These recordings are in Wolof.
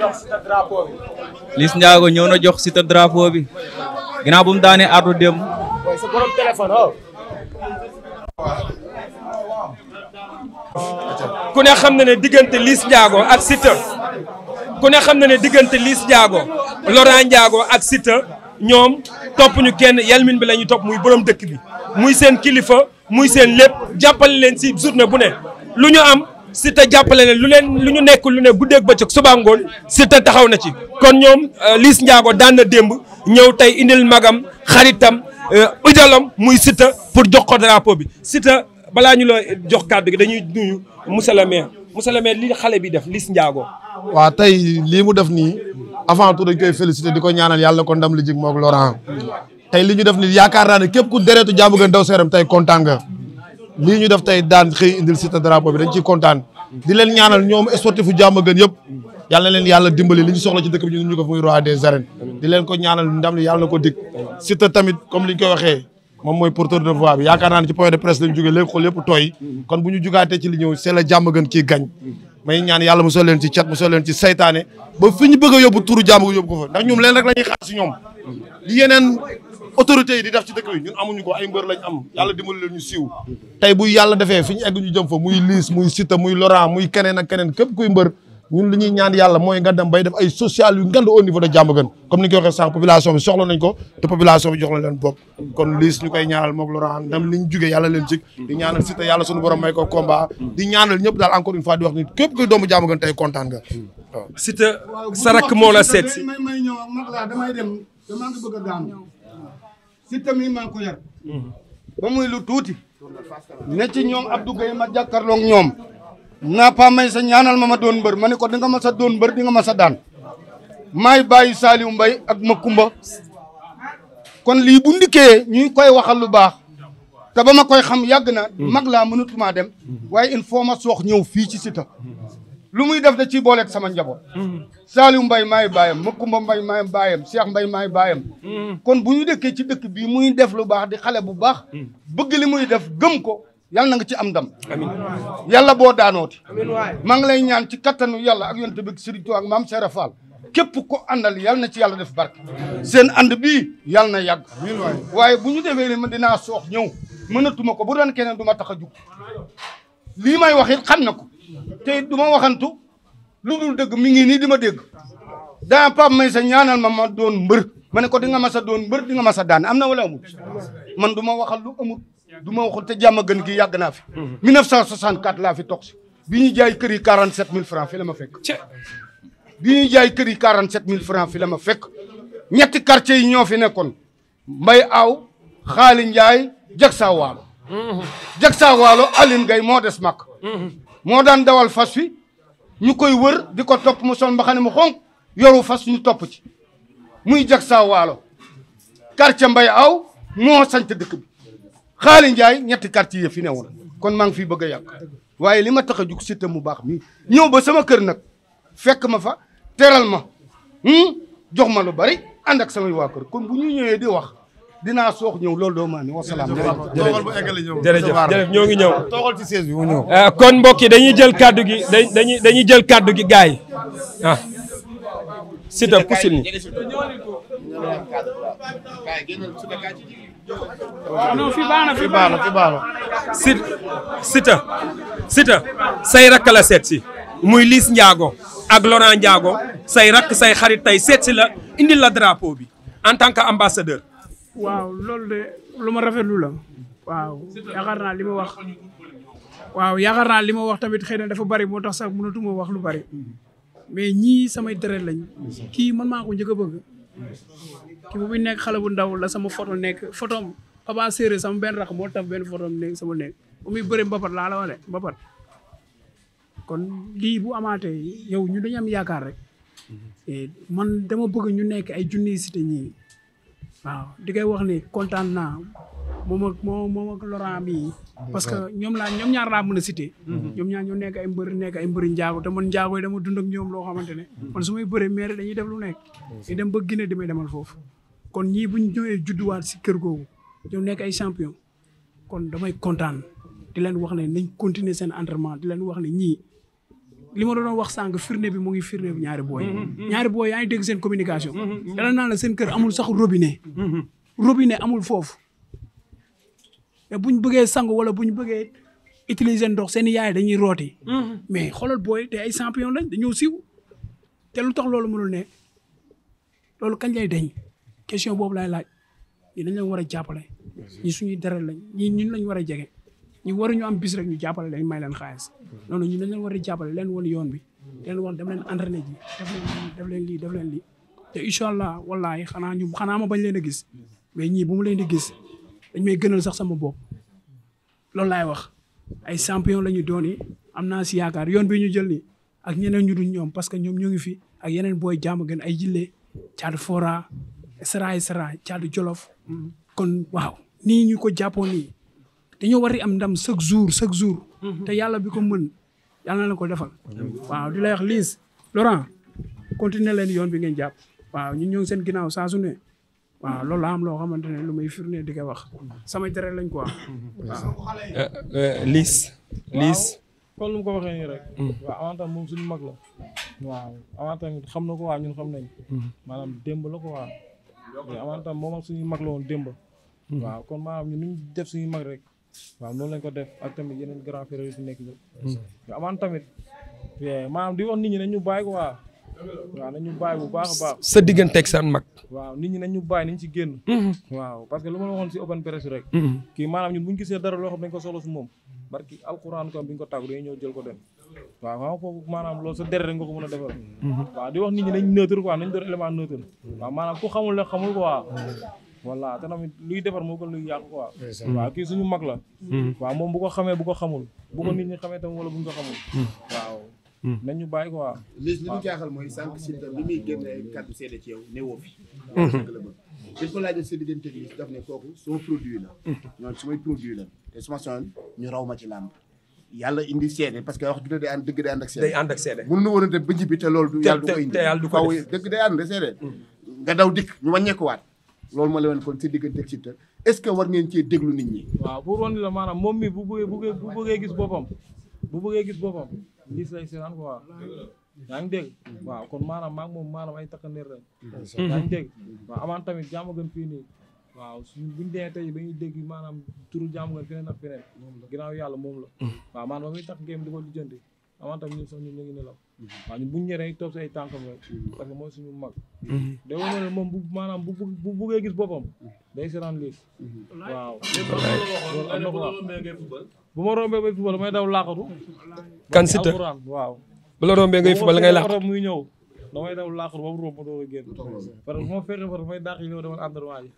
jox njaago drapeau ñëw na jox Siteu drapeau bi. ginnaaw bu mu daanee ardu dem. waaye ne xam na ne diggante Liss Ndiago ak Siteu ku xam na ne diggante Liss Ndiago Laurent njaago ak Siteu ñoom topp ñu kenn yalmin bi lañuy ñu topp muy boroom dëkk bi muy seen kilifa muy seen lépp jàppale leen si journée bu ne lu ñu am. Siteu jàppale ne lu leen lu ñu nekkul lu ne guddeeg bëccëg suba ngoon Siteu taxaw na ci kon ñoom euh, liis Ndiago daan na démb ñëw tey indil magam xaritam ujalam euh, muy Siteu pour jox ko drapeau bi Siteu balaa ñu la jox kàddu gi dañuy nuyu monsieur le maire monsieur le maire li xale bi def liis Ndiago. waa tey lii mu def nii avant tout dañ koy féliciter di ko ñaanal yàlla ko ndam li jig moog Laurent tey li ñu def nii yaakaar naa ne képp ku deretu jàmm gën daw seeram tey kontaan nga. lii ñu def tey daan xëy indil Siteu drapeau bi dañ ciy kontaan di leen ñaanal ñoom sportifu Diamaguène yëpp yàlla na leen yàlla dimbali li ñu soxla ci dëkk bi ñu ñu ko fi muy roi des arènes di leen ko ñaanal ndam li yàlla ko dig Siteu tamit comme li ñu koy waxee moom mooy porteur de voix bi yaakaar naa ne ci point de presse lañ jógee léegi xool yëpp tooy kon bu ñu jugaatee ci li ñëw c'est la kii gañ may ñaan yàlla mu sol leen ci cat mu sol leen ci saytaane ba fi ñu bëgg a yóbbu turu jàmm yóbbu ko fa ndax ñoom leen rek la ñuy xaar si ñoom li yeneen autorités di def ci dëkk bi ñun amuñu ko ay mbër lañ am yàlla dimbali leen ñu siiw tey bu yàlla defee fi ñu egg ñu jëm fa muy liis muy sita muy Laurent muy keneen ak keneen képp kuy mbër ñun li ñuy ñaan yàlla mooy nga dem bay def ay social yu ngand au niveau de Diamaguène comme ni ko waxee sànq population soxla nañ ko te population bi jox leen bopp kon liis ñu koy ñaanal mook Laurent ndam li ñu jugee yàlla leen jik di ñaanal Siteu yàlla suñu borom may ko combat di ñaanal ñëpp daal encore une fois di wax ni képp kuy doomu Diamaguène tey kontaan nga waaw Siteu sa si may may ñëw mag laa damay dem damaa ngi bëgg a gaanu Siteu mii maa ko mhm. ñoom naa pa may sa ñaanal ma ma doon mbër ma ne ko di nga ma doon mbër di nga ma sa daan maay bàyyi Saliou Mbaye ak Makumba kon lii bu ndikkee ñuy koy waxal lu baax te ba ma koy xam yàgg na mag laa mënatumaa dem waaye il faut ma soox ñëw fii ci Siteu lu muy def da ciy booleeg sama njaboot Saliou Mbaye maay baayam Makumba Mbaye maay baayam Cheikh Mbaye maay baayam mm. kon bu ñu dëkkee ci dëkk bii muy def lu baax di xale bu baax mm. bëgg li muy def gëm ko yàlla na nga ci am dam ndam yàlla boo daanooti maa ngi lay ñaan ci kattanu yàlla ak yonte bi Serigne Touba ak maam Seera Fall képp ko àndal yàlla na ci yàlla def barke seen ànd bi yàlla na yàgg waaye bu ñu defee li ma dinaa soox ñëw mënatuma ko bu doon keneen du ma tax a jug lii may wax it xam na ko te du ma waxantu lu dul dëgg mi ngi nii di ma dégg daa Pape Maysa ñaanal ma ma doon mbër ma ne ko di nga mas a doon mbër di nga mas a daan am na wala amul man du ma waxal lu amul du ma waxul te jàmm gën gi yàgg naa fi. 1964 laa fi toog si. bi ñuy jaay kër yi 47000 francs fi la ma fekk. bi ñuy jaay kër yi 47000 francs fi la ma fekk. ñetti quartier yi ñoo fi nekkoon. Mbay Aw Xaali Njaay Jaksa Waalo. Jaksa Waalo Aline Gaye moo des mag. moo daan dawal fas wi ñu koy wër di ko topp mu sol mbaxane mu xonk yoru fas ñu topp ci muy Jaksa Waalo quartier Mbay Aw moo sant dëkk bi. xaali Ndiaye ñetti quartier yi fi ne kon maa ngi fiy bëgg a yàq waaye li ma tax a jug Siteu mu baax mi ñëw ba sama kër nag fekk ma fa teral ma hmm, jox ma lu bari ànd ak samay waa kër kon bu ñuy ñëwee di wax dinaa soox ñëw loolu doo maa ne wa salaam. ñoo ngi ñëw. toogal ci siège bi mu ñëw. Euh, kon mbokk yi dañuy jël kàddu gi dañuy dañuy jël kàddu gi gaay ah. Siteu pusil non fii baax na sita sita say rakk la seet si muy Liis njaago ak Laurent njaago say rakk say xarit tey seet si la indil la drapeau bi en tant que ambassadeur. waaw loolu de lu ma rafetlu la. waaw yaakaar naa li ma wax. waaw yaakaar naa li ma wax tamit xëy na dafa bari moo tax sax mënatuma wax lu bari mais ñii samay deret lañ kii man maa ko a bëgg. ki bu muy nekk xale bu ndaw la sama photo nekk photo am Papa Séré sama benn rax moo taf benn photo nekk sama nekk bu muy bëre mbapat wale mbapat kon lii bu amaatee yow ñu dañu am yaakaar rek eh, man dama bëgg ñu nekk ay junniy Siteu ñii waaw di koy wax ni kontaan naa moom ak moom ak Laurent bii. parce que ñoom laa ñaar laa mën a cité. Mhm. ñoom ñaar ñoo nekk mbëri nekk ay mbëri te man njaago yi dama ak ñoom loo xamante ne. man mhm. su may bëree maire dañuy def lu nekk. ñu dem ba Guinée damay demal foofu. kon ñii bu ñu ñëwee judduwaat si kër googu ñoom nekk ay champion kon damay kontaan di leen wax ne nañ continuer seen entraînement di leen wax ne ñii. li ma doon wax sànq firnde bi mu ngi firnde bi ñaari booy mhm. ñaari booy yaa ngi dégg seen communication. dana naa la seen kër amul sax robinet. robinet amul foofu. mais bu ñu bëggee sangu wala bu ñu bëggee utiliser ndox seen yaay dañuy rooti. Mm-hmm. mais xoolal booy te ay champion lañ dañoo siw te lu tax loolu mënul ne loolu kañ lay deñ question boobu laay laaj ñi dañ leen war a jàppale. ñi suñuy dara lañ ñi ñun lañ war a jege. ñu waruñu am bis rek ñu jàppale leen may leen xaalis noonu ñun dañ leen war jàppale leen woon yoon bi mm-hmm. leen woon dem leen entraîné ji def leen lii def leen lii def leen lii te incha allah wallaahi xanaa ñu xanaa ma bañ leen a gis mais ñii bu mu leen di gis dañ may gënal sax sama bopp loolu laay wax ay champion la ñu doon am naa si yaakaar yoon bi ñu jël ni ak ñeneen ñu dul ñoom parce que ñoom ñu ngi fi ak yeneen booy jàmm gën ay jillee caatu fora sera et sera jolof kon waaw nii ñu ko jàppoon nii dañoo war am ndam chaque jour chaque jour te yàlla bi ko mën yàlla na la ko defal waaw di lay wax Liss Laurent continuer leen yoon bi ngeen jàpp waaw ñun ñoo seen ginnaaw saa waaw loolu am loo xamante ne lu may firnde di ko wax sama deret lañ ko waaw euh, euh, Liss. Liss kon lu ko waxee nii rek. Mm. waaw moom suñu mag la. waaw avant tamit xam na ko waa ñun xam nañ mm. maanaam démb la ko waa avant tam moom suñu mag la woon démb. Mm. waaw kon maanaam ñun nu ñu def suñu mag rek. waaw noonu lañ ko def ak tamit yeneen grand si yu fi nekk. avant tamit maanaam di wax nit ne ñu bàyyi ko waa. waaw nañu bàyyi bu baax a baax. sa digganteeg seen mag. waaw nit ñi nañu bàyyi nañ ci génn. Mm-hmm. waaw parce que lu ma la si open press rek. Mm-hmm. kii maanaam ñun bu ñu gisee dara loo xam dañ ko solo si moom. barki alxuraan ko bi ñu ko tàggu dañuy ñëw jël ko dem. waaw maanaam a mm-hmm. ku xamul la xamul quoi. voilà te tamit luy defar moo gën luy yàq quoi. waaw kii suñu mag la. waaw moom bu xamee bu xamul. bu nit ñi xamee tam wala bu ko xamul. waaw Hmm. nañu bàyyi quoi. Ah. li li ñu jaaxal mooy sànq si li muy génne kàddu seede ci yow newoo fi. dañ ko laajal sa produit la. Hmm. ñoom sumay produit la te suma son ñu raw ma ci làmb. yàlla indi seede parce que wax dëgg day ànd dëgg day ànd ak seede. day ànd ak seede mënuñu woon a def ba njibi te loolu. yàlla du ko indi te yàlla du ko def dëgg day ànd seede. Hmm. nga daw dikk ñu wàññeekuwaat. loolu ma la woon kon si diggante si te est-ce que war ngeen cee déglu nit ñi. waaw pour wan la maanaam moom mi bu bëggee bu bëggee gis boppam bu bëggee gis boppam liis lay seetaan quoi yaa ngi dégg waaw kon maanaam maag moom maanaam ay takkandeer rek yaa ngi dégg waaw amaan tamit jàmm gën fii waaw suñu buñu dee tey ba ñuy dégg maanaam turu jàmm gën feneen ak feneen ginnaaw yàlla moom la mm. waaw maanaam ba muy tax di ko lijjanti amaan tamit ñun sax ñun ñu ngi nelaw Mhm. bu ñu ñëwee toog si ay tànkam rek mhm. parce que mooy mag day mhm. wane moom bu maanaam bu bu buggee gis boppam day seetaan lii waaw bu ma rombee bay fubal damay daw laaxatu kan Siteu waaw bu la rombee ngay fubal ngay laaxatu muy ñëw damay daw laaxatu ba mu romb doo génn parce que bu ma fekkee far damay dàq yi ñëw demal entraînement yi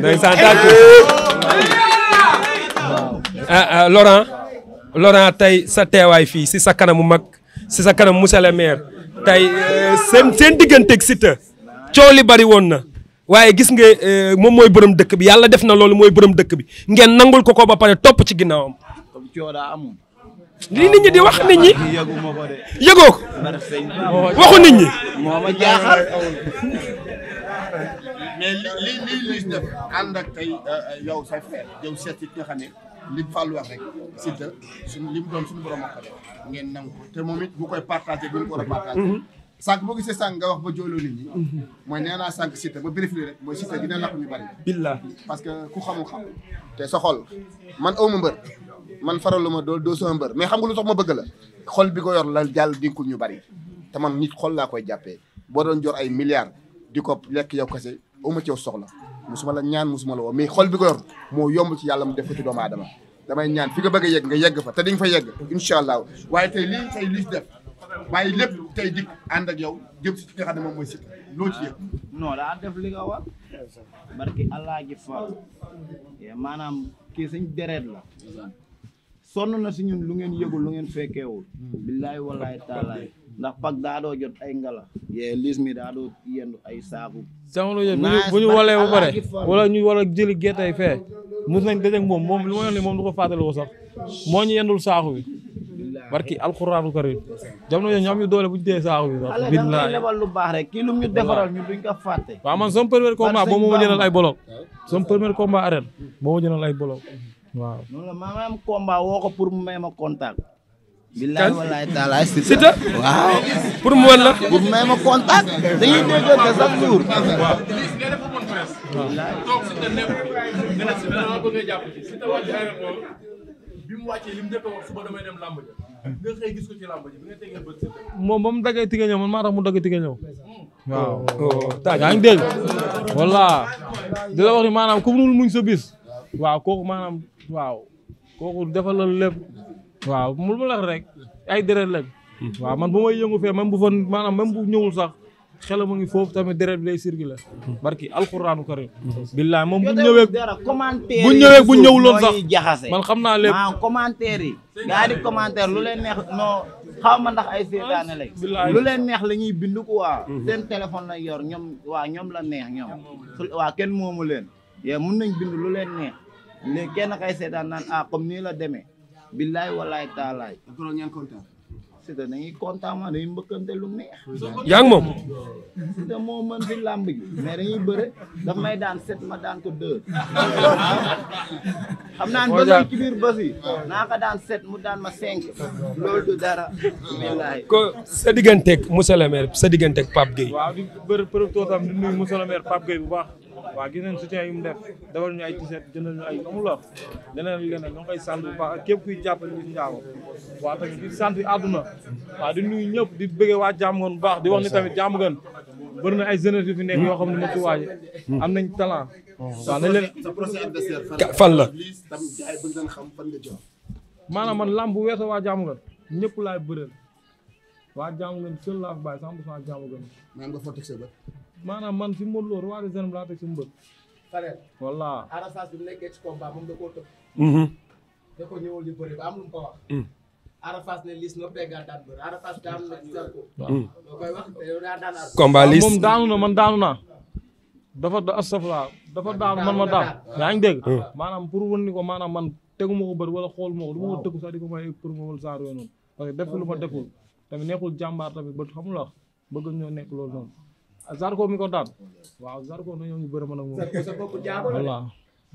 ndeysaan ah, ah, Laurent Laurent tey sa teewaay fii si sa kanamu mag si sa kanam monsieur le maire tey seen seen digganteeg Siteu coow li bari woon na waaye gis nga moom mooy borom dëkk bi yàlla def na loolu mooy borom dëkk bi ngeen nangul ko ko ba pare topp ci ginnaawam. li nit ñi di wax nit ñi yëgoo ko waxu nit ñi. moo ma li Fallou wax rek Siteu suñ li mu doon suñu borom wax ngeen nangu te moom it bu koy partagé bu ñu ko war a partagé mhm. sànq boo gisee sànq nga wax ba jooloo nit ñi mhm. mooy nee naa sànq ma ba bérifli rek mooy Siteu dina lakk ñu bari billah parce que ku xamul xam te sa xol man awma mbër man faralu ma dool doo sama mbër mais xam nga lu tax ma bëgg la xol bi ko yor la jàll dinkul ñu bari te man nit xol laa koy jàppee boo doon jor ay milliards di ko lekk yow kese awma ci soxla musuma la ñaan musuma la woo mais xol bi ko moo yomb ci yàlla mu def ko ci doomu aadama damay ñaan fi nga bëgg a yegg nga yegg fa te di nga fa yegg incha allahu waaye tey lii tey lii def waaye lépp tey dikk ànd ak yow jëm si ki nga xam ne moom mooy Siteu loo ci yëg. non daa def li nga war barki allah ji fa eh, maanaam kii suñ deret la sonn na si ñun lu ngeen yëgul lu ngeen fekkeewul hmm. billaay walaay taalaay ndax pag daa jot ay ngala yee liis mi daa doo yendu ay saaku samalu yëpp bu ñu walee ba pare wala ñu wala jëli gerte ay fee mus nañ dajeeg moom moom lu ma yoon moom du ko fàttali ko sax moo ñu yendul saaku bi barki alxuraanu karim jamono yooyu ñoom ñu doole bu ñu dee saaku bi sax billaay lebal lu baax rek kii lu ñu defaral ñu duñ ko fàtte waaw man sama premier combat ay bolo sama premier combat arène mooma ay bolok waaw noonu la am combat woo ko pour mu may ma contact. billaay walaay taalaay Siteu waaw pour mu wan contact. dañuy déggante chaque bi mu a wax suba damay dem mo moom ba mu daggee tigga ñëw mu daggee tigga hmm. waaw yaa ngi dégg voilà di la wax ni maanaam bis waaw kooku maanaam waaw kooku defal la lépp waaw mu ma la rek ay deret lañ. waaw man bu ma yëngu fee même bu fa maanaam même bu ñëwul sax xel mu ngi foofu tamit deret bi lay circulé. barki alxuraanu karim. billaay moom bu ñëwee bu ñëwee bu ñëwuloon sax man xam naa lépp. waaw ah, yi. gaa lu leen neex non xaw ma ndax ay seetaane leen neex la ñuy bind ko waa seen téléphone la yor ñoom waa ñoom la neex ñoom. waa kenn moomu leen. yee mun nañ bind lu leen neex. léegi kenn kay seetaan naan ah comme nii la demee billaay walaay taalaay. c'est que dañuy kontaan ma dañuy mbëkkante lu neex. yaa ngi moom. moo mën làmb mais dañuy bëre daf may daan set ma daan ko deux. xam naa ne ci biir bës naa ko daan set mu daan ma cinq. loolu du dara. billaay ko sa digganteeg monsieur le maire sa digganteeg Pape Gueye. waaw di bëri përëb tootam di nuyu monsieur le maire Pape Gueye bu baax. waaw gis nañ soutien yu mu def defal ñu ay t-shirt jëndal ñu ay amulor leneen leneen ay ngi koy sant baax ak képp kuy jàppale ñu si njaago waaw tamit di sant àdduna waaw di nuyu ñëpp di bëggee waa jàmm gën bu baax di wax ni tamit jàmm gën bëri na ay jeunesse yu fi xam ne matu waaje am nañ talent waaw nañ leen fan la maanaam man lamb bu weesoo waa jàmm gën ñëpp laay bëreel waa jàmm gën seul laa fi bàyyi cent pour cent jàmm gën maanaam man si Modou Lo roi des arènes laa teg si mbër. Farel. mu nekkee ci combat moom da koo tëb. Mhm. Mhm. na peggal mhm. daan bëri moom daanu na man daanu naa. dafa da dafa daanu man ma daan yaa ngi dégg. maanaam pour wan ni ko maanaam man tegu ma ko bëri wala xool ma ko du ma ko di ko pour ma wala saa yooyu noonu. parce que def lu ma deful tamit neexul jàmbaar tamit ba xamul wax bëgg ñoo nekk loolu noonu. Zarko mi ko daan waaw Zarko na ñoo ngi bëri man ak moom walla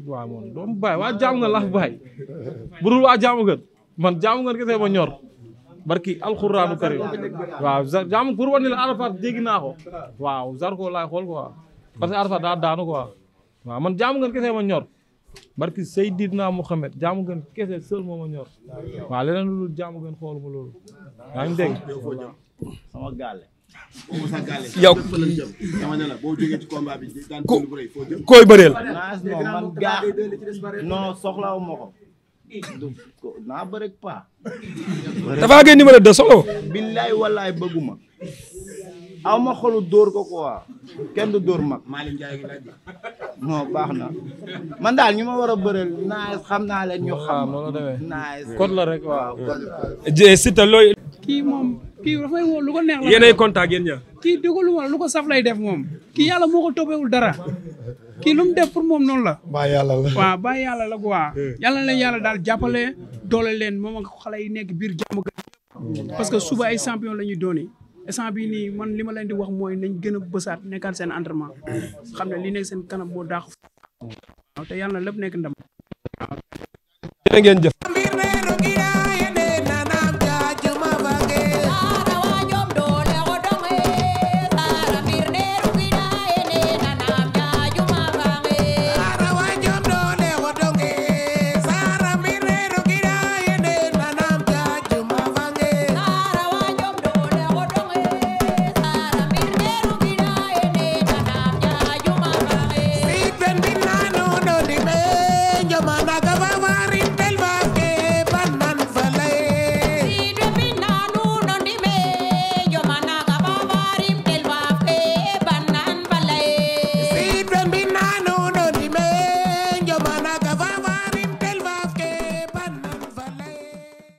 waaw moom doomu baay waa jaam nga laa baay bu waa jaamu gën man jaamu gën kese ma ñor barki alxuraanu karim waaw jaamu pour wane la ko waaw Zarko laay xool quoi parce que Arafat daa daanu quoi waaw man jaamu gën kese ma ñor barki Seydina Mohamed jaamu gën kese seul moo ma ñor waaw leneen lu dul jaamu gën xooluma loolu yaa ngi dégg yow ku koy bëreel. non soxlawu ma ko. naa bëri pa. Tapha Gueye numéro a soxla woo. billaay wallaay bëgguma. aw ma xolu door ko quoi kenn du dóor mag. non baax na man daal ñu ma war a bëreel naa xam naa leen ñu xam. naa kon la rek waaw. Siteu looy. kii moom. kii dafay lu ko neex la. yéenay contact lu ko saf lay def moom. kii yàlla moo ko toppewul dara. kii lu mu def pour moom noonu la. baa yàlla la waaw baa yàlla la quoi. Eh. yàlla na leen yàlla daal jàppale. doole leen moom ak xale yi nekk biir jàmm parce que suba ay champion la ñuy doon instant bii nii man li ma leen di wax mooy nañ gën a bësaat nekkaat seen entraînement. xam ne li nekk seen kanam moo daax. waaw te yàlla la lépp nekk ndam. jërë